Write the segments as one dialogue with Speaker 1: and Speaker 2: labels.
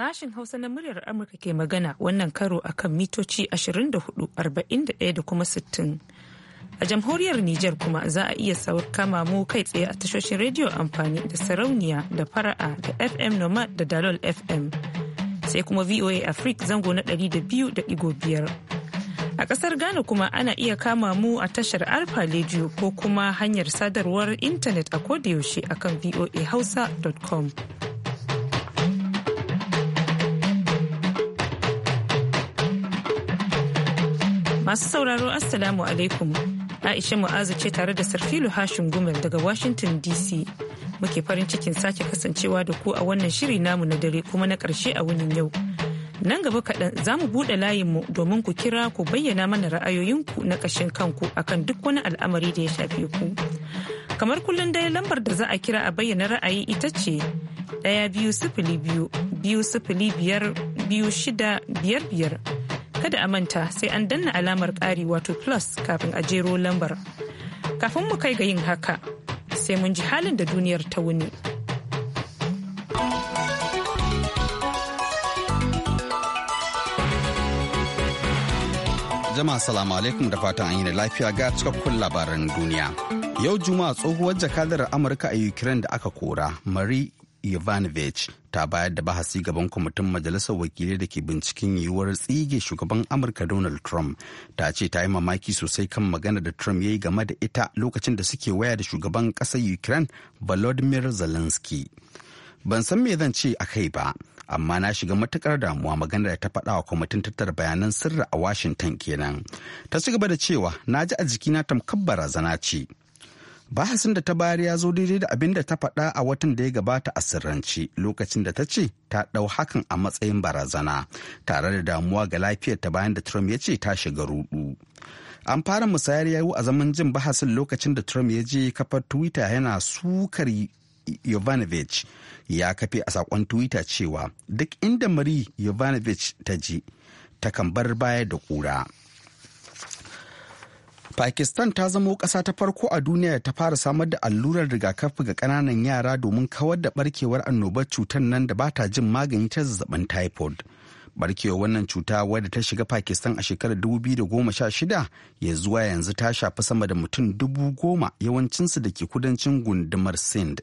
Speaker 1: Sashen Hausa na muryar Amurka ke magana wannan karo a kan mitoci 24,41 da kuma 60. A jamhuriyar Nijar kuma za a iya kama mu kai tsaye a tashoshin rediyo amfani da sarauniya da fara'a da FM Nomad da Dalol FM. Sai kuma VOA Africa zango na 200.5. A kasar Ghana kuma ana iya kama mu a tashar Alfa Radio ko kuma hanyar sadarwar intanet a kodayaushe akan voahausa.com. Masu sauraro Assalamu alaikum. Aisha Mu'azu ce tare da Sarfilu Hashim Gumel daga Washington DC. Muke farin cikin sake kasancewa da ku a wannan shiri namu na dare kuma na ƙarshe a wunin yau. Nan gaba kaɗan za mu buɗe layinmu domin ku kira ku bayyana mana ra'ayoyinku na ƙashin kanku akan duk wani al'amari da ya shafe ku. Kamar kullum dai lambar da za a kira a bayyana ra'ayi ita ce ɗaya biyu sifili biyu biyu sifili biyar biyu shida biyar biyar kada a manta sai an danna alamar ƙari wato plus kafin a jero lambar. Kafin mu kai ga yin haka sai mun ji halin da duniyar ta wuni.
Speaker 2: Jama'a salamu alaikum da fatan an yi da lafiya ga cikakkun labaran duniya. Yau Juma'a tsohuwar jakadar Amurka a Ukraine da aka kora, Marie Ivanovich ta bayar da bahasi gaban kwamitin majalisar wakilai da ke binciken yiwuwar tsige shugaban Amurka Donald Trump ta ce ta yi mamaki sosai kan magana da Trump ya yi game da ita lokacin da suke waya da shugaban ƙasar Ukraine Volodymyr Zelensky. Ban san me zan ce a kai ba, amma na shiga matukar damuwa magana da ta faɗa wa kwamitin tattara bayanan sirri a Washington kenan. Ta ci gaba da cewa na ji a jikina tamkar barazana ce. bahasin da ta bayar ya zo daidai da abin da ta faɗa a watan da ya gabata a sirranci lokacin da ta ce ta ɗau hakan a matsayin barazana tare da damuwa ga lafiyar ta bayan da trump ya ce ta shiga rudu an fara musayar yau a zaman jin bahasin lokacin da trump ya je kafar twitter yana sukar yovanovich ya kafe a saƙon twitter cewa duk inda marie yovanovich ta je takan bar baya da ƙura. Pakistan ta zamo ƙasa ta farko a duniya ta fara samar da allurar rigakafi ga ƙananan yara domin kawar da barkewar annobar cutar nan da ba ta jin magani ta zazzabin typhoid. Barkewar wannan cuta wadda ta shiga Pakistan a shekarar 2016 ya zuwa yanzu ta shafi sama da mutum dubu goma yawancinsu da ke kudancin gundumar Sindh.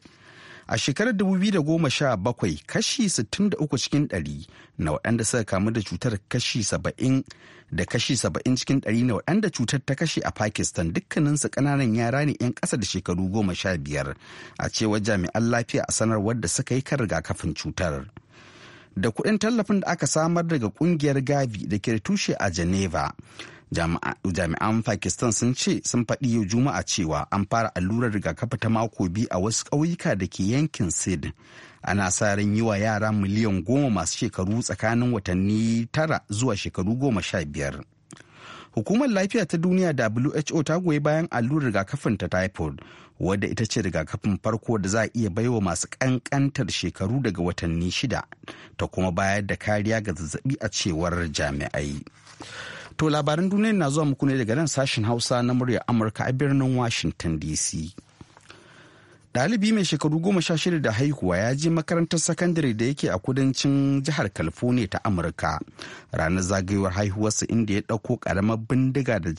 Speaker 2: A shekarar 2017 kashi 63 cikin 100 na waɗanda suka kamu da cutar kashi 70 da kashi 70 cikin 100 na waɗanda cutar ta kashe a Pakistan dukkaninsu ƙananan yara ne 'yan ƙasa da shekaru 15 a cewar jami'an lafiya a sanarwar da suka yi kan rigakafin cutar. Da kuɗin tallafin da aka samar daga ƙungiyar Gavi da ke tushe a Geneva. jami'an pakistan sun ce sun faɗi yau juma'a cewa an fara allurar rigakafi ta mako biyu a wasu ƙauyuka da ke yankin sid ana sa ran yi wa yara miliyan goma masu shekaru tsakanin watanni tara zuwa shekaru goma sha biyar hukumar lafiya ta duniya who ta goyi bayan allurar rigakafin ta typhoid wadda ita ce rigakafin farko da za a iya baiwa masu kankantar shekaru daga watanni shida ta kuma bayar da kariya ga zazzabi a cewar jami'ai To labaran duniya na zuwa muku ne daga nan sashen Hausa na muryar Amurka a birnin Washington DC. Dalibi mai shekaru goma sha shida da haihuwa ya je makarantar sakandare da yake a kudancin jihar California ta Amurka ranar zagayowar haihuwarsa inda ya ɗauko ƙaramar bindiga da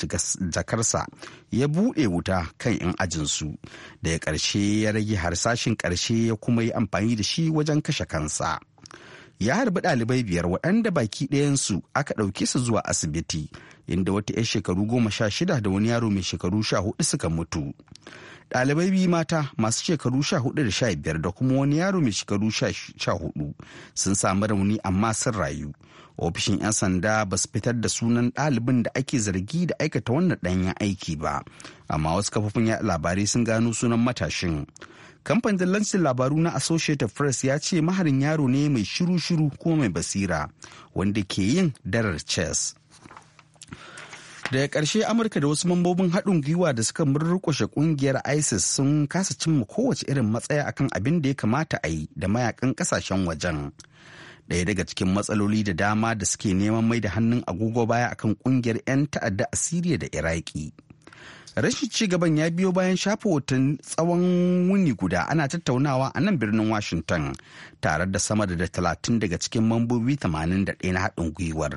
Speaker 2: jakarsa ya buɗe wuta kan 'yan ajinsu da ya ƙarshe ya rage harsashin ƙarshe ya kuma yi amfani da shi wajen kashe kansa. ya harbi ɗalibai biyar waɗanda baki ɗayansu aka ɗauke su zuwa asibiti inda wata 'yar shekaru goma sha shida da wani yaro mai shekaru sha hudu suka mutu ɗalibai biyu mata masu shekaru sha hudu da sha biyar da kuma wani yaro mai shekaru sha hudu sun samu rauni amma sun rayu ofishin 'yan sanda ba su fitar da sunan ɗalibin da ake zargi da aikata wannan ɗanyen aiki ba amma wasu kafofin labarai sun gano sunan matashin kamfanin dillancin labaru na associated press ya ce maharin yaro ne mai shiru-shiru ko mai basira wanda ke yin darar chess daga ƙarshe amurka da wasu mambobin haɗin gwiwa da suka murƙushe ƙungiyar isis sun kasa cimma kowace irin matsaya akan abin da ya kamata a yi da mayakan ƙasashen wajen ɗaya daga cikin matsaloli da dama da suke neman mai da hannun agogo baya akan ƙungiyar 'yan ta'adda a siriya da iraki rashin ci gaban ya biyo bayan shafi hoton tsawon wuni guda ana tattaunawa a nan birnin washington tare da sama da talatin daga cikin mambobi 81 na haɗin gwiwar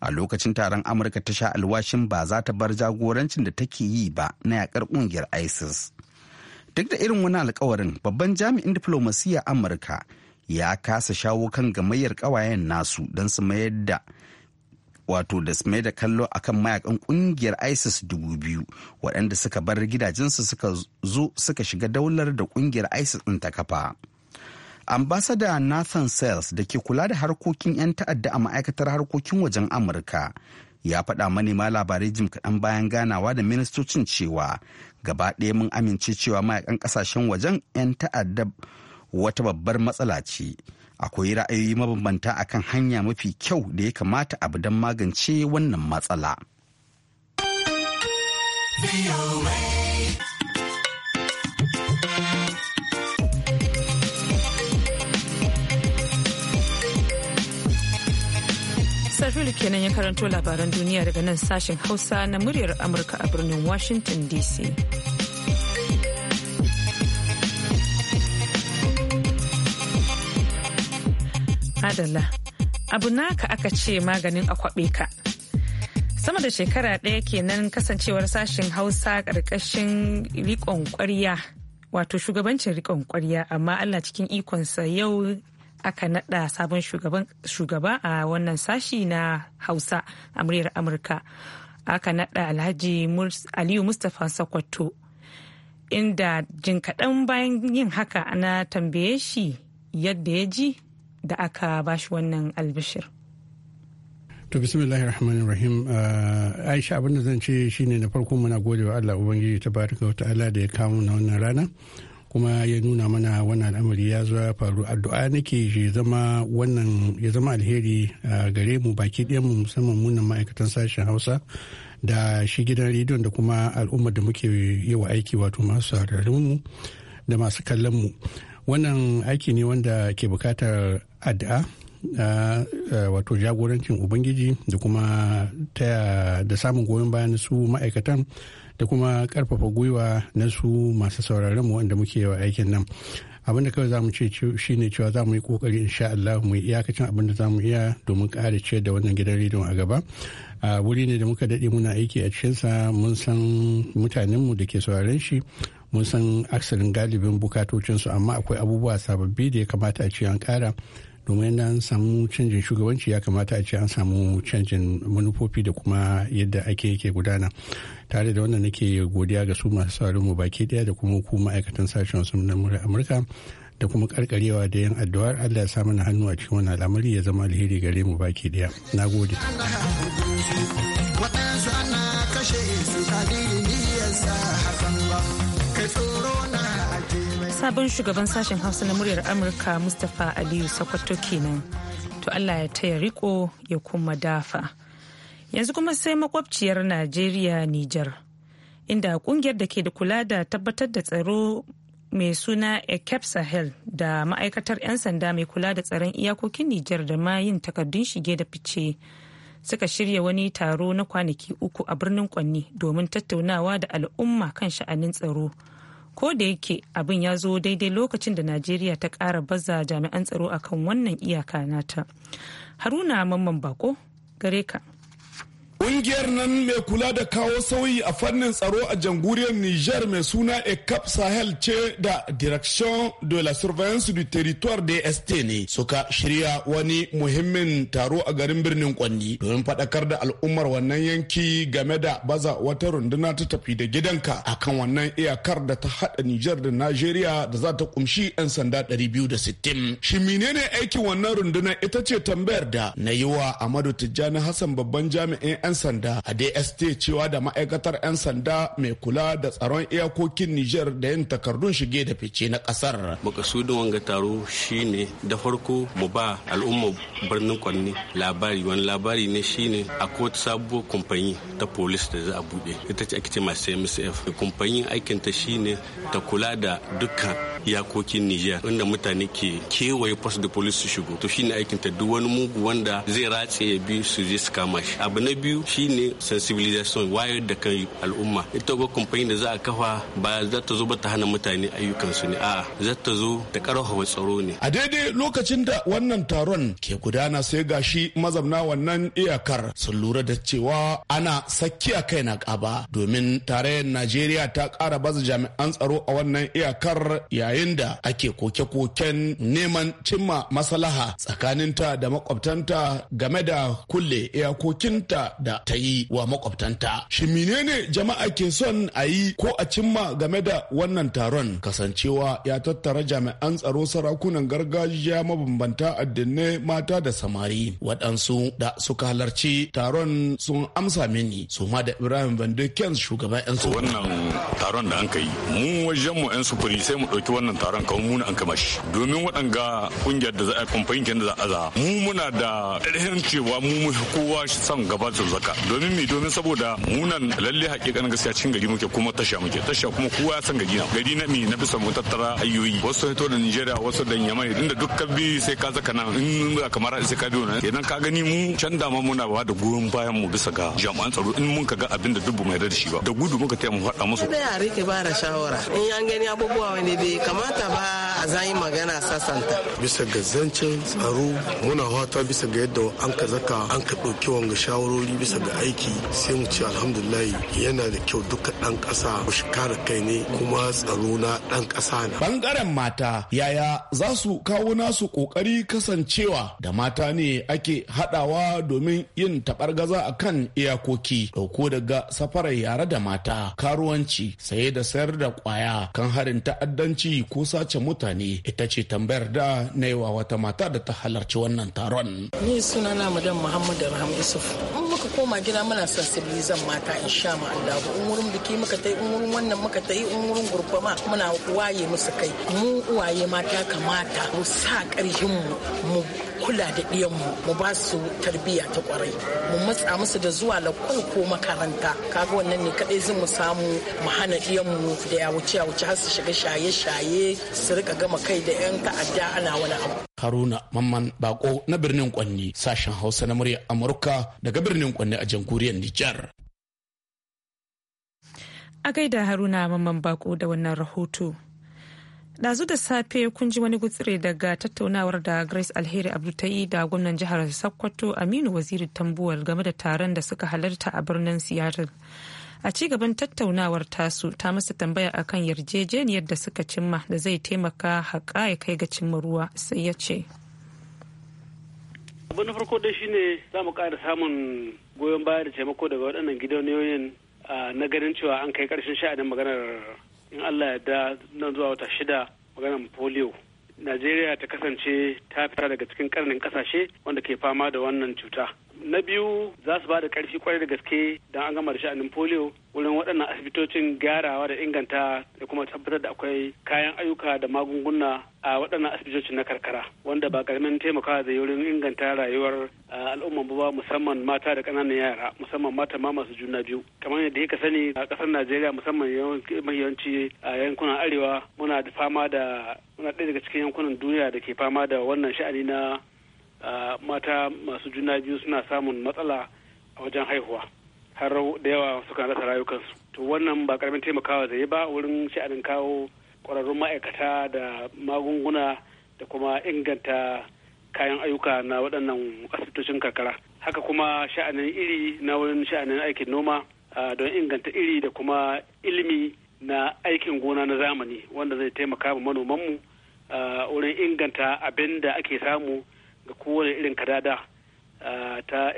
Speaker 2: a lokacin taron amurka ta sha alwashin ba za ta bar jagorancin da take yi ba na yakar kungiyar isis duk da irin wani alkawarin babban jami'in diplomasiyya amurka ya kasa shawo kan gamayyar ƙawayen nasu don su mayar da wato da mai da kallo akan mayakan kungiyar isis dubu biyu waɗanda suka bar gidajensu suka zo suka shiga daular da kungiyar isis ɗin ta kafa ambasada nathan sales da ke kula da harkokin 'yan ta'adda a ma'aikatar harkokin wajen amurka ya faɗa manema labarai jim kaɗan bayan ganawa da ministocin cewa gaba ɗaya mun amince cewa mayakan ƙasashen wajen 'yan ta'adda wata babbar matsala ce akwai ra'ayoyi mabambanta akan hanya mafi kyau da ya kamata abu don magance wannan matsala.
Speaker 1: Sarfili kenan ya karanto labaran duniya daga nan sashen Hausa na muryar Amurka a birnin Washington DC. adala Abu naka aka ce maganin akwabe ka. Sama da shekara ɗaya kenan kasancewar sashen Hausa ƙarƙashin rikon ƙwarya, wato shugabancin rikon ƙwarya, amma Allah cikin ikonsa yau aka naɗa sabon shugaba a wannan sashi na Hausa a muryar Amurka. Aka naɗa Alhaji Aliyu Mustapha Sokoto. inda jin kaɗan bayan yin haka ana tambaye shi yadda ya ji da aka bashi wannan albishir.
Speaker 3: to bismillahir rahmanir rahim uh, aisha abin da zan ce shine na farko muna gode wa allah ubangiji ta baraka wata ala da ya kamu na wannan rana kuma ya nuna mana wannan al'amari ya zo ya faru addu'a nake ya zama wannan ya zama alheri uh, gare mu baki ɗayan mu musamman munan ma'aikatan sashen hausa da shi gidan rediyon da kuma al'ummar da muke yi wa aiki wato masu mu da masu kallon mu wannan aiki ne wanda ke bukatar addu'a eh, wato jagorancin ubangiji da kuma ta da samun goyon bayan su ma'aikatan da kuma karfafa gwiwa na su masu sauraron mu wanda muke yawa aikin nan abin da kawai zamu ce ne cewa zamu yi kokari insha Allah mu iyakacin abin da zamu iya domin kare ciyar da wannan gidan rediyon a gaba a wuri ne da muka daɗe muna aiki a cikinsa mun san mutanenmu da ke sauraron shi mun san aksarin galibin bukatocinsu amma akwai abubuwa sababbi da ya kamata a ce an kara domin an samu canjin shugabanci ya kamata a ce an samu canjin manufofi da kuma yadda ake yake gudana tare da wannan nake godiya ga su masu saurin mu baki daya da kuma ku ma'aikatan sashen su na amurka da kuma karkarewa da yan addu'ar allah ya sa na hannu a cikin wannan al'amari ya zama alheri gare mu baki daya na gode
Speaker 2: sabon
Speaker 1: shugaban sashen hausa na muryar amurka mustapha aliyu sokoto kenan to allah ya taya riko ya kuma dafa yanzu kuma sai makwabciyar najeriya niger inda kungiyar da ke da kula da tabbatar da tsaro mai suna ekep sahel da ma'aikatar 'yan sanda mai kula da tsaron iyakokin niger da ma yin takardun shige da fice suka shirya wani taro na kwanaki uku a birnin kwanni domin tattaunawa da al'umma kan sha'anin tsaro ko da yake abin ya zo daidai lokacin da najeriya ta kara baza jami'an tsaro akan wannan iyaka nata haruna mamman bako gare ka
Speaker 4: Ƙungiyar nan mai kula da kawo sauyi a fannin tsaro a jamhuriyar Niger mai suna ekap Sahel ce da Direction de la Surveillance du Territoire DST ne suka shirya wani muhimmin taro a garin birnin Kwanni domin faɗakar da al'ummar wannan yanki game da baza wata runduna ta tafi da gidanka akan wannan iyakar da ta haɗa Niger da Najeriya da za ta kumshi 'yan sanda 260. Shin menene aikin wannan rundunar ita ce tambayar da na yi wa Amadu Tijjani Hassan babban jami'in 'yan sanda a DST cewa da ma'aikatar 'yan sanda mai kula da tsaron iyakokin Nijar da yin takardun shige da fice na kasar.
Speaker 5: Makasudin wanga taro shine da farko mu ba al'umma birnin Kwanni labari wani labari ne shine a kotu sabuwar kumfanyi ta polis da za a bude ita ce ake ce masu MCF. Kumfanyin aikin ta shine ta kula da dukkan iyakokin Nijar inda mutane ke kewaye post da polis su shigo to shine aikin ta duk wani mugu wanda zai ratse ya bi su je su kama shi. Abu na biyu biyu shine sensibilization wayar da kan al'umma ita go kamfani da za a kafa ba za ta zo ba ta hana mutane su ne a'a za ta zo ta karfafa tsaro ne
Speaker 4: a daidai lokacin da wannan taron ke gudana sai gashi mazabna wannan iyakar sun lura da cewa ana sakiya kai na kaba domin tarayyar najeriya ta kara baza jami'an tsaro a wannan iyakar yayin da ake koke-koken neman cimma maslaha tsakaninta da makwabtanta game da kulle iyakokinta da ta yi wa makwabtanta shi menene jama'a ke son a yi ko a cimma game da wannan taron kasancewa ya tattara jami'an tsaro sarakunan gargajiya mabambanta addinai mata da samari waɗansu da suka halarci taron sun amsa mini su ma da ibrahim van shugaban 'yan su
Speaker 5: wannan taron da an kai mu wajen mu 'yan sufuri sai mu ɗauki wannan taron kawai mu an kama shi domin waɗanga kungiyar da za a kamfanin da za a za mu muna da ɗarhin cewa mu kowa son gaba su zaka domin mi domin saboda munan lalle hakikanin gaskiya cikin gari muke kuma tasha muke tasha kuma kowa ya san gari na gari na mi na bisa mu tattara ayoyi wasu hito da Nigeria wasu da Yamai inda dukkan bi sai ka zaka nan in za ka mara sai ka biyo nan idan ka gani mu can dama muna ba da goyon bayan mu bisa ga jami'an tsaro in mun ka ga abin da dubu mai da shi ba da gudu muka taya mu faɗa musu.
Speaker 6: Ina rike ba da shawara in an gani abubuwa wani bai kamata
Speaker 5: ba a
Speaker 4: zan yi magana sasanta. Bisa ga zancen tsaro muna fata bisa ga yadda an ka zaka an ka ɗauki wanga shawarori bisa ga aiki sai mu ce alhamdulillahi yana da kyau duka ɗan ƙasa shi kare kai ne kuma tsaro na ɗan ƙasa na. Bangaren mata yaya za su kawo nasu ƙoƙari kasancewa da mata ne ake haɗawa domin yin taɓargaza a kan iyakoki ɗauko daga safarar yare da mata karuwanci saye da sayar da ƙwaya kan harin ta'addanci ko sace mutane mutane ita ce tambayar da na yi wa wata mata da ta halarci wannan taron.
Speaker 6: Ni suna na madan Muhammad rahama Isuf. In muka koma gida muna sensibilizan mata in sha ma Allah in wurin biki muka tai in wurin wannan muka tai in wurin gurfama muna waye musu kai. Mu uwaye mata kamata mu sa ƙarfin mu kula da ɗiyanmu mu ba su tarbiyya ta kwarai mu matsa musu da zuwa lakwal ko makaranta kaga wannan ne kadai zan mu samu mu hana ɗiyanmu da ya wuce ya wuce har su shiga shaye-shaye su rika gama kai da 'yan ta'adda ana wani abu
Speaker 4: Haruna Mamman Bako na birnin Kwanni sashen Hausa na murya Amurka daga birnin Kwanni a jamhuriyar Nijar.
Speaker 1: A gaida Haruna Mamman Bako da wannan rahoto. dazu da safe kun ji wani gutsire daga tattaunawar da Grace Alheri Abdu ta yi da gwamnan jihar Sokoto Aminu Waziri Tambuwal game da taron da suka halarta a birnin Seattle. A ci gaban tattaunawar tasu ta masa tambaya akan yarjejeniyar da suka cimma da zai taimaka haƙa ya kai ga cimma ruwa sai ya ce.
Speaker 7: Abu na farko dai shine za mu ƙara samun goyon baya da taimako daga waɗannan gidauniyoyin ah, na ganin cewa an kai ƙarshen sha'anin maganar in allah ya da nan zuwa wata shida maganar polio najeriya ta kasance ta fita daga cikin karnin kasashe wanda ke fama da wannan cuta na biyu za su ba da karfi kwarai da gaske don an gama da sha'anin polio wurin waɗannan asibitocin gyarawa da inganta da kuma tabbatar da akwai kayan ayyuka da magunguna a waɗannan asibitoci na karkara wanda ba karamin taimakawa da wurin inganta rayuwar al'umma ba musamman mata da ƙananan yara musamman mata ma masu juna biyu kamar yadda ka sani a ƙasar najeriya musamman yawanci a yankunan arewa muna da fama da muna ɗaya daga cikin yankunan duniya da ke fama da wannan sha'ani na mata masu juna biyu suna samun matsala a wajen haihuwa har da yawa suka rasa rayukansu to wannan ba karamin taimakawa zai ba wurin sha'anin kawo kwararrun ma'aikata da magunguna da kuma inganta kayan ayyuka na waɗannan asibitocin karkara haka kuma sha'anin iri na wurin sha'anin aikin noma don inganta iri da kuma ilimi na aikin gona na zamani wanda zai taimaka ma manomanmu wurin inganta abin da ake samu ga kowane irin kadada ta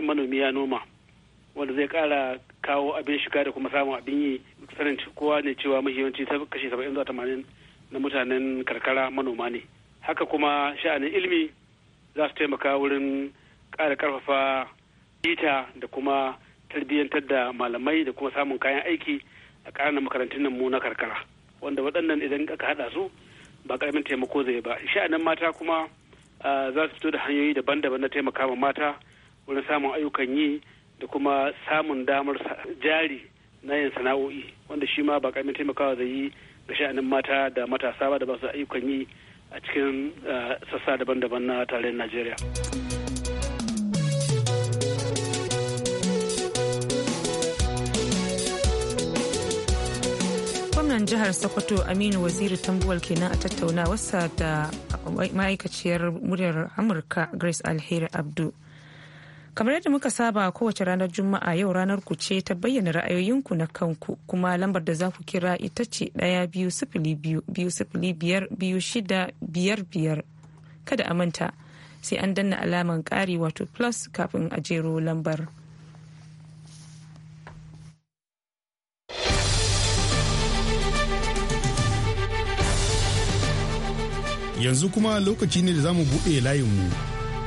Speaker 7: manomi ya noma wanda zai kara kawo abin shiga da kuma samun abin yi sanin kowa ne cewa mahimmanci ta kashi saba'in zuwa tamanin na mutanen karkara manoma ne haka kuma sha'anin ilimi za su taimaka wurin ƙara karfafa ita da kuma tarbiyyantar da malamai da kuma samun kayan aiki a ƙananan makarantun nan mu na karkara wanda waɗannan idan aka haɗa su ba ƙaramin taimako zai ba sha'anin mata kuma ah, za su fito da hanyoyi daban-daban na taimaka ma mata wurin samun ayyukan yi da kuma samun damar jari na yin sana'o'i wanda shi ma ba ƙaramin taimakawa zai yi ga sha'anin mata da matasa ba da ba su ayyukan yi a cikin eh, sassa daban-daban na tarayyar najeriya
Speaker 1: gwamnan jihar sokoto aminu waziri tambuwal kenan a tattaunawarsa da ma'aikaciyar muryar amurka grace alheri abdu kamar yadda muka saba kowace ranar juma'a yau ranar ku ce ta bayyana ra'ayoyinku na kanku kuma lambar da za ku kira ita ce ɗaya biyu sifili biyu biyu sifili biyar biyu shida biyar biyar kada a manta sai an danna alamar ƙari wato plus kafin a jero lambar.
Speaker 4: yanzu kuma lokaci ne da za mu buɗe layinmu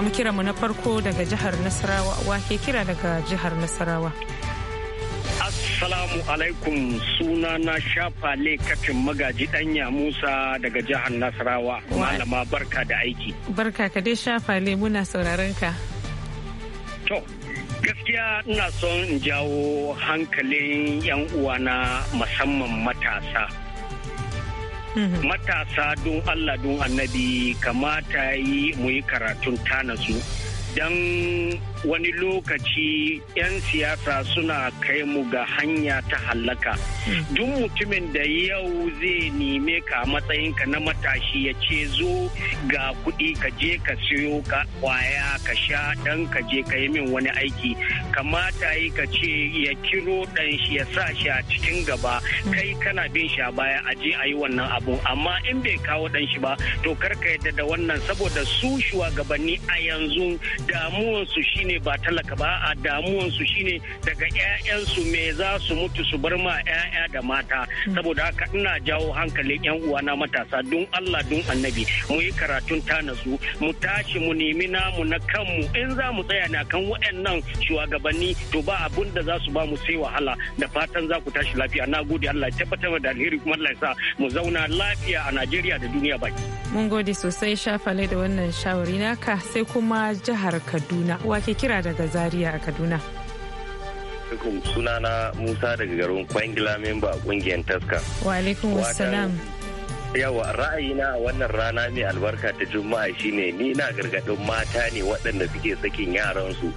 Speaker 1: samu kiranmu na farko daga jihar Nasarawa wake kira daga jihar Nasarawa.
Speaker 6: Assalamu alaikum suna na shafa lekacin magaji danya Musa daga jihar Nasarawa. Malama barka da aiki.
Speaker 1: Barka ka dai shafa le muna sauraron ka.
Speaker 6: To, gaskiya ina son in jawo hankalin 'yan uwana musamman matasa. Mhm. matasa don Allah don annabi kamata yi mu yi karatun tanasu don wani lokaci 'yan siyasa suna kai mu ga hanya ta hallaka duk mutumin da yau zai neme ka matsayinka na matashi ya ce zo ga kuɗi ka je ka siyo ka kwaya ka sha dan ka je ka yi min wani aiki kamata yi ka ce ya kiro ɗan shi ya sa shi a cikin gaba kai kana bin shi a baya a je a yi wannan abu amma in bai kawo ɗan shi ba to kar ka yadda da wannan saboda su shugabanni a yanzu damuwansu shi. ne ba talaka ba a damuwansu shine daga 'ya'yansu me za su mutu su bar ma 'ya'ya da mata hmm. saboda haka ina jawo hankalin 'yan uwana matasa don Allah don annabi mu yi karatun tanasu mu tashi mu nemi namu na kanmu in za mu tsaya na kan waɗannan shugabanni to ba abun da za su ba mu sai wahala da fatan za ku tashi lafiya na gode Allah ya tabbatar da alheri kuma Allah ya sa mu zauna lafiya a Najeriya da duniya baki.
Speaker 1: Mun gode sosai shafale da wannan shawari naka sai kuma jihar Kaduna wake kira daga Zaria a Kaduna.
Speaker 6: alaikum sunana Musa daga garin Kwangila memba kungiyar Taska.
Speaker 1: Wa alaikum wasalam
Speaker 6: Yawa ra'ayina a wannan rana mai albarka ta Juma'a shine ni na gargadin mata ne waɗanda suke sakin yaransu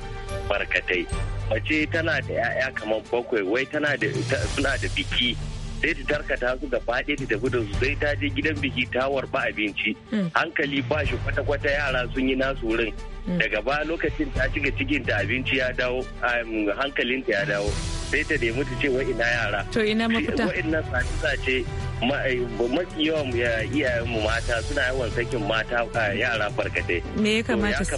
Speaker 6: barkatai. Mace tana da 'ya'ya kamar bakwai wai tana da suna da biki sai ta tarkata su ga faɗi ta tafi da su sai ta je gidan biki ta warba abinci hmm. hankali ba shi kwata-kwata yara sun yi nasu wurin daga ba lokacin ta cika cikin ta abinci ya dawo hankalinta ya dawo sai ta nemi ta ce wa ina yara
Speaker 1: to ina mafita wa
Speaker 6: ina sace eh, mafi yawan iyayenmu mata suna yawan sakin mata eh, yara barkatai me ya kamata su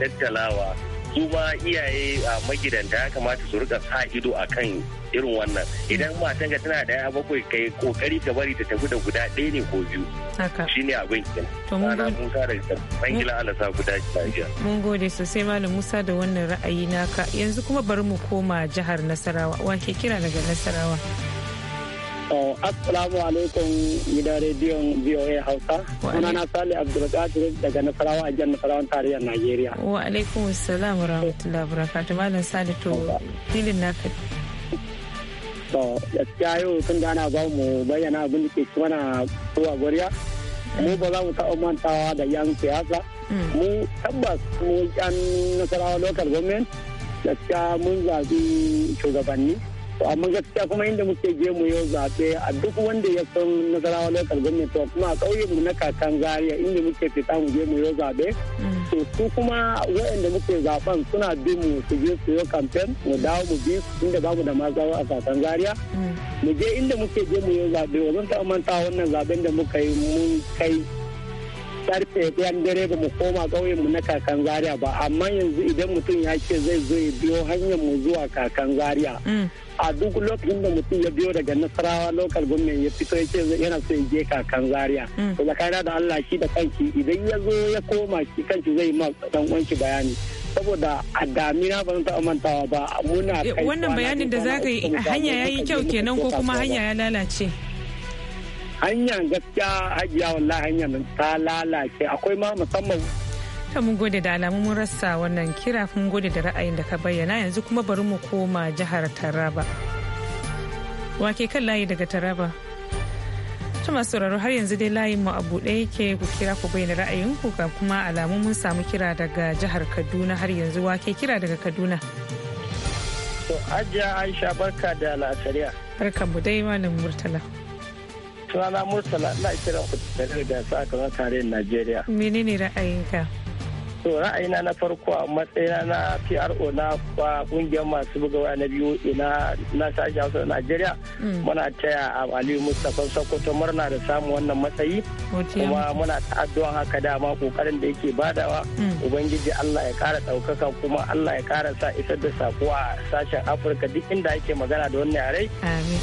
Speaker 6: tattalawa su ma iyaye a magidanta ya kamata su rika sa ido a kan irin wannan idan matan ga tana da ya bakwai kai kokari ta bari ta tafi da guda ɗaya ne ko biyu shi ne abin kin ana musa da ala sa guda lafiya
Speaker 1: mun gode sosai malam musa da wannan ra'ayi naka yanzu kuma bari mu koma jihar nasarawa wa ke kira daga nasarawa
Speaker 6: Eh, Assalamu alaikum gidan rediyon VOA Hausa. Suna na Sale Abdulkadir daga Nasarawa a jihar Nasarawa tarayyar Najeriya.
Speaker 1: Wa alaikum salam wa rahmatullahi wa barakatuh. Malam Sale to filin naka.
Speaker 6: To gaskiya yau tun gana ana ba mu bayyana abin da ke ci mana kowa gwariya. Mu ba za mu taɓa mantawa da yan siyasa. Hmm. Mu tabbas mu yan Nasarawa local government gaskiya mun zaɓi shugabanni. amma gaskiya kuma inda muke je mu yau zaɓe a duk wanda ya san nasarawa lokal gwamnati kuma a ƙauye mu na kakan zariya inda muke fita mu je mu yau zaɓe mm. to su kuma waɗanda muke zaɓen suna bi mu su je su yau kamfen mu dawo mu bi inda mu da mazawa a kakan zariya mm. mu je inda muke je mu yau zaɓe wa zan taɓa manta wannan zaɓen da muka yi mun kai karfe ɗayan dare ba mu koma ƙauyen mu na kakan zaria ba amma yanzu idan mutum ya ce zai zo ya biyo hanyar mu zuwa kakan zaria mm. a duk lokacin da mutum ya biyo daga nasarawa lokal government ya fito ya ce yana so ya je kakan zaria mm. to tsakanin da allah shi da kanki idan ya zo ya koma shi kanki zai ma dan uwanki bayani saboda a damina ba ta mantawa ba muna eh, kai wannan bayanin da zaka yi hanya yayi kyau kenan ko kuma hanya ya lalace hanyar gaskiya hajiya wallahi hanyar ta lalace akwai ma musamman
Speaker 1: ta mun gode da alamun mun rasa wannan kira mun gode da ra'ayin da ka bayyana yanzu kuma bari mu koma jihar taraba wake kan layi daga taraba ta masu sauraro har yanzu dai layin mu a buɗe yake ku kira ku bayyana ra'ayin ku ga kuma alamu mun samu kira daga jihar kaduna har yanzu wake kira daga kaduna
Speaker 6: to ajiya aisha barka da
Speaker 1: la'asariya barka mu dai malam murtala
Speaker 6: sunana murtala ina kiran ku da gasa kamar tarayyar najeriya
Speaker 1: menene ra'ayinka
Speaker 6: to ra'ayina na farko a matsayina na pro na kungiyar masu buga waya na biyu na na sashi hausa najeriya mm. muna taya a aliyu mustapha sokoto murna da samun wannan matsayi kuma muna ta'addu'an haka dama kokarin da yake badawa mm. ubangiji allah ya kara ɗaukaka kuma allah ya kara sa isar da sako a sashen afirka duk inda ake magana da wannan yare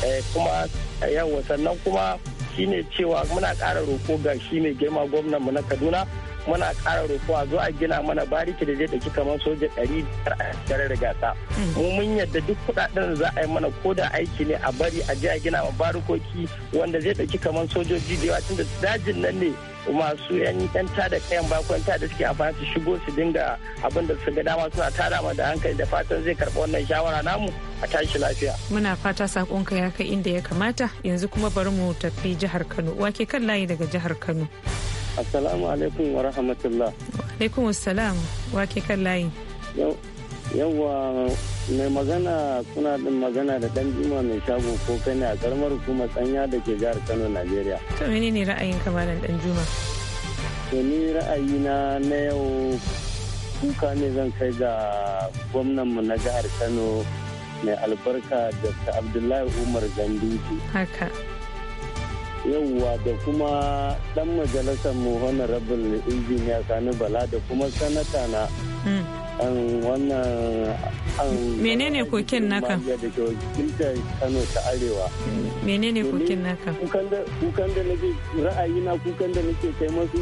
Speaker 6: eh, kuma yawa sannan kuma shine cewa muna ƙara roƙo ga shi mai girma gwamnan mu na Kaduna muna kara roƙo zo a gina mana bariki da zai ɗauki kamar soja ɗari biyar a tare da gasa mu mun yadda duk kuɗaɗen za a yi mana ko da aiki ne a bari a je a gina ma barikoki wanda zai ɗauki kamar sojoji da yawa tunda dajin nan ne masu yan da kayan bakon ta da suke amfani su shigo su dinga abin da su ga dama suna tara ma da hankali da fatan zai karɓi wannan shawara namu a tashi lafiya.
Speaker 1: Muna fata saƙonka ya kai inda ya kamata yanzu kuma bari mu tafi jihar Kano wake kan layi daga jihar Kano.
Speaker 6: Assalamu alaikum wa rahmatullah.
Speaker 1: Alaikum assalam wa ke kan layi.
Speaker 6: Yawwa mai magana kuna din magana da dan jima mai shago ko kai a karamar hukumar tsanya da ke jihar Kano Najeriya.
Speaker 1: To menene ra'ayin malam dan juma? To ni ra'ayi na na yau kuka ne zan
Speaker 6: kai ga gwamnan mu na jihar Kano mai albarka Dr. Abdullahi Umar Ganduje. Haka. yauwa da kuma dan majalisar mu honorable injiniya sani bala da kuma sanata na hmm. an wannan
Speaker 1: menene kokin naka
Speaker 6: da ke wakiltar kano ta arewa
Speaker 1: menene kokin naka kukan da nake ra'ayi na kukan
Speaker 6: da nake kai masu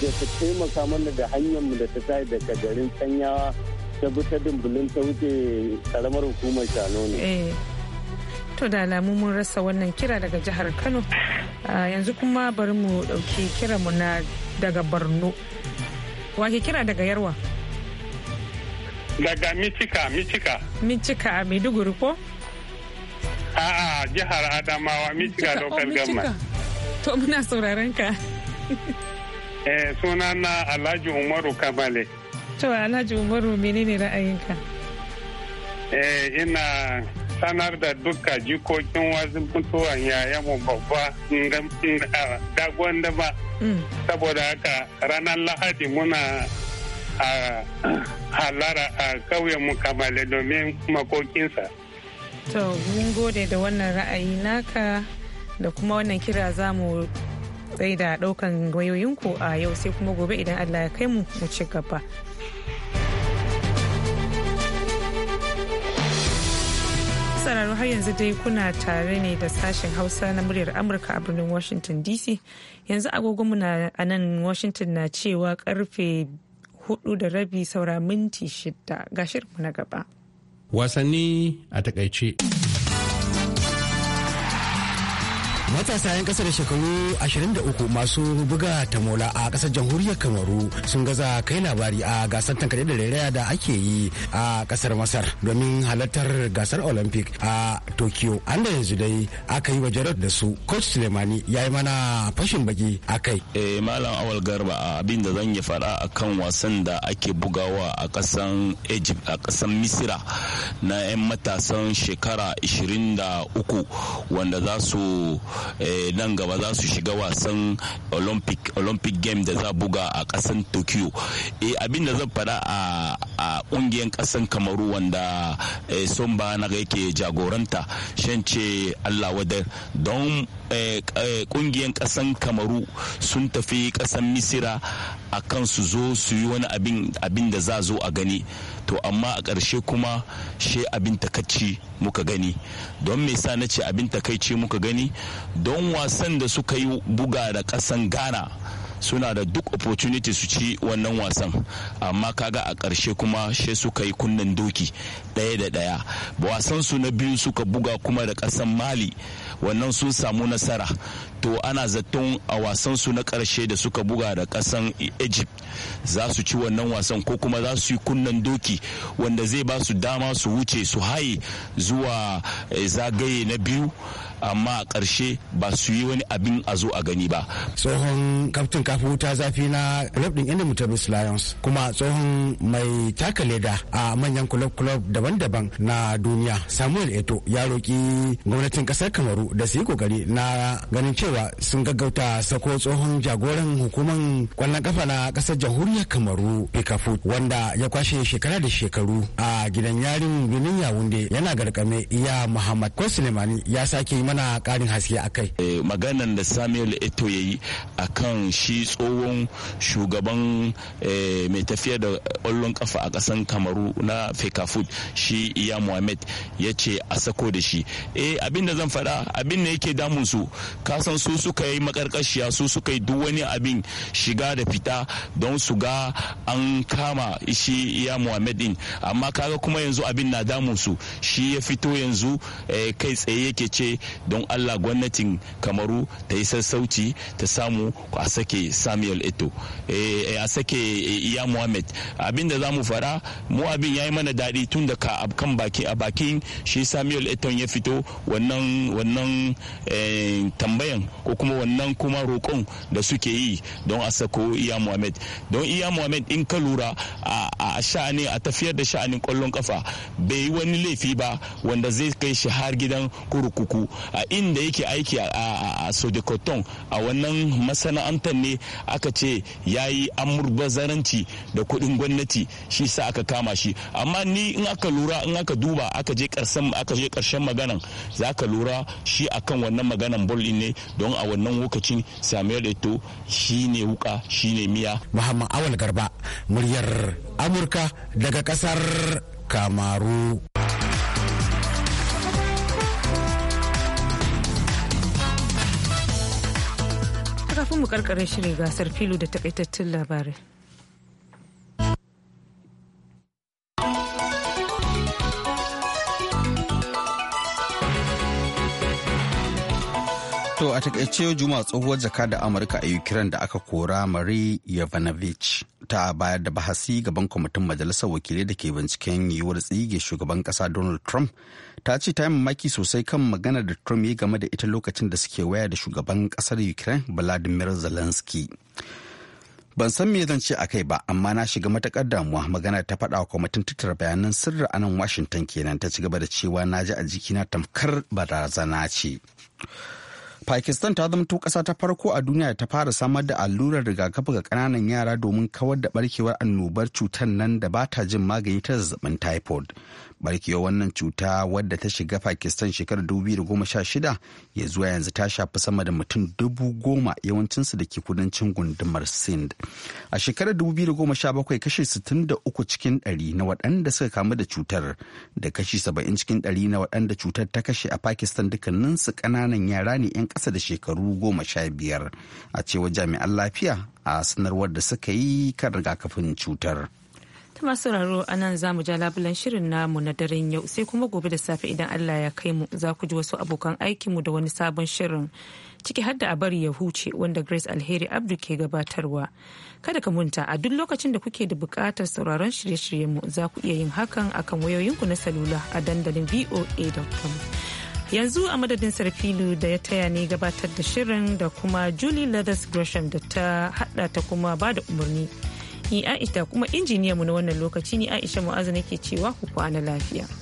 Speaker 6: da su taimaka mana da hanyar mu da ta tayi daga garin sanyawa ta bi ta dumbulin ta wuce karamar hukumar shano ne eh.
Speaker 1: to da alamu mun rasa wannan kira daga jihar kano yanzu kuma bari mu dauki mu na daga borno wake kira daga yarwa
Speaker 6: daga mitika mitika
Speaker 1: mitika a maiduguri ko
Speaker 6: a'a jihar adamawa mitika oh, local government
Speaker 1: to muna sauraron ka
Speaker 6: eh suna na alhaji umaru kamale
Speaker 1: to alhaji umaru menene ra'ayinka
Speaker 6: eh ina sanar da duka jikokin wasu mutuwan mu babba dagon da ba mm. saboda haka ranar lahadi muna a halara a mu kamale domin makokinsa
Speaker 1: to mun gode da wannan ra'ayi naka da kuma wannan kira za mu da daukan wayoyinku a yau sai kuma gobe idan allah ya kai mu mu ci gaba sauraro har yanzu dai kuna tare ne da sashen hausa na muryar amurka a birnin washington dc yanzu agogonmu na a nan washington na cewa karfe hudu da rabi saura minti shida ga shirinmu na gaba
Speaker 3: wasanni a takaice matasa 'yan kasa da shekaru 23 masu
Speaker 2: buga ta tamola a kasar jamhuriyar kamaru sun gaza kai labari a gasar tankare da rairaya da ake yi a kasar masar domin halartar gasar olympic a tokyo an da yanzu dai aka yi wa jarar da su coach sulemani ya yi mana fashin baki a kai
Speaker 5: eh, malam awal garba abin da zan yi fara a kan wasan da ake bugawa a kasar egypt a kasan misira na 'yan matasan shekara 23 wanda za su Eh, nan gaba za su shiga wasan olympic game da za buga a kasan tokyo eh, abin da zan fada a a kungiyar ƙasan kamaru wanda eh, sun ba na yake jagoranta shance allah wadar don kungiyar eh, eh, ƙasan kamaru sun tafi ƙasan misira a kan su zo su yi wani abin da za zo a gani to amma a ƙarshe kuma she abin takaici muka gani don me sa na ce abin takaici muka gani don wasan da suka yi buga da ƙasan ghana suna da duk opportunity su ci wannan wasan amma kaga a ƙarshe kuma she suka yi kunnen doki ɗaya da ɗaya wasan su na biyu suka buga kuma da kasan mali wannan sun samu nasara to ana zaton a wasan su na ƙarshe da suka buga da ƙasan egypt za su ci wannan wasan ko kuma za su yi kunnen doki wanda zai ba su dama su wuce su haye zuwa eh, zagaye na biyu amma a ƙarshe ba su yi wani abin a zo a gani ba
Speaker 2: tsohon kaftin kafin wuta zafi na club din inda mutabis lions kuma tsohon mai taka leda a manyan club club daban-daban na duniya samuel eto ya roki gwamnatin ƙasar kamaru da su yi kokari na ganin cewa sun gaggauta sako tsohon jagoran hukumar kwallon kafa na ƙasar jamhuriyar kamaru ikafu. wanda ya kwashe shekara da shekaru a gidan yarin birnin yawunde yana garkame iya muhammad ko sulemani ya sake yi mana karin haske a kai.
Speaker 5: Eh, maganan da samuel eto ya yi a kan shi tsohon shugaban eh, mai tafiya da ƙwallon kafa a ƙasan kamaru na fekafut shi iya muhammed ya ce a sako da shi eh abin da zan faɗa abin da yake damun su kasan su suka yi makarkashiya su suka yi duk wani abin shiga da fita don su ga an kama shi iya muhammed din amma kaga kuma yanzu abin na damun su shi ya fito yanzu eh, kai tsaye yake ce don allah gwamnatin kamaru ta yi sassauci ta samu a sake samuel eto eh, a sake eh, iya muhammad abin da za mu fara mu abin ya yi mana daɗi tun da kan baki a bakin shi samuel eto ya fito wannan eh, tambayan ko kuma wannan kuma roƙon da suke yi don a sako iya muhammad don iya muhammad in ka lura a sha'ani a tafiyar da sha'anin kwallon kafa bai yi wani laifi ba wanda zai kai shi har gidan kurkuku a inda yake aiki a sodekoton a wannan masana'antar ne aka ce ya yi zaranci da kudin gwamnati shi sa aka kama shi amma ni in aka lura in aka duba aka je karshen maganan za ka lura shi akan wannan maganan bolin ne don a wannan lokacin samuel eto
Speaker 4: shi ne wuka shi ne miya muhammad awal garba muryar amurka
Speaker 5: daga
Speaker 1: kasar
Speaker 4: kamaru
Speaker 1: kafin mu karkare shirin gasar filu da takaitattun labarai.
Speaker 2: takaice juma tsohuwar jaka da amurka a ukraine da aka kora marie yovanovich ta bayar da bahasi gaban kwamitin majalisar wakilai da ke binciken yiwuwar tsige shugaban kasa donald trump ta ce ta yi mamaki sosai kan magana da trump ya game da ita lokacin da suke waya da shugaban kasar ukraine vladimir zelensky ban san me zan ce a kai ba amma na shiga matakar damuwa magana ta faɗa wa kwamitin tattara bayanan sirri a nan washington kenan ta ci gaba da cewa na ji a jikina tamkar barazana ce Pakistan ta zama ƙasa ta farko a duniya da ta fara samar da allurar rigakafi ga ƙananan yara domin kawar da barkewar annobar cutar nan da ba ta jin magani ta zazzabin typhoid. Barkewar wannan cuta wadda ta shiga Pakistan shekarar 2016 ya zuwa yanzu ta shafi sama da mutum dubu goma yawancinsu da ke kudancin gundumar Sindh. A shekarar 2017 kashi 63 cikin 100 na waɗanda suka kamu da cutar da kashi 70 cikin 100 na waɗanda cutar ta kashe a Pakistan dukkaninsu ƙananan yara ne 'yan ƙasa da shekaru goma sha biyar a cewa jami'an lafiya a sanarwar da suka yi kan rigakafin cutar.
Speaker 1: masu sauraro a nan za mu ja labulan shirin namu na daren yau sai kuma gobe da safe idan Allah ya kai mu za ku ji wasu abokan mu da wani sabon shirin ciki har da a bari ya huce wanda Grace Alheri Abdu ke gabatarwa. Kada ka munta a duk lokacin da kuke da bukatar sauraron shirye-shiryenmu za ku iya yin hakan akan wayoyinku na salula a dandalin voa.com. yanzu a madadin sarfilu da ya taya ne gabatar da shirin da kuma julie leathers gresham da ta hada ta kuma ba da umarni ni aisha kuma injiniyanmu na wannan lokaci ni aisha mu'azu ke cewa ku kwana lafiya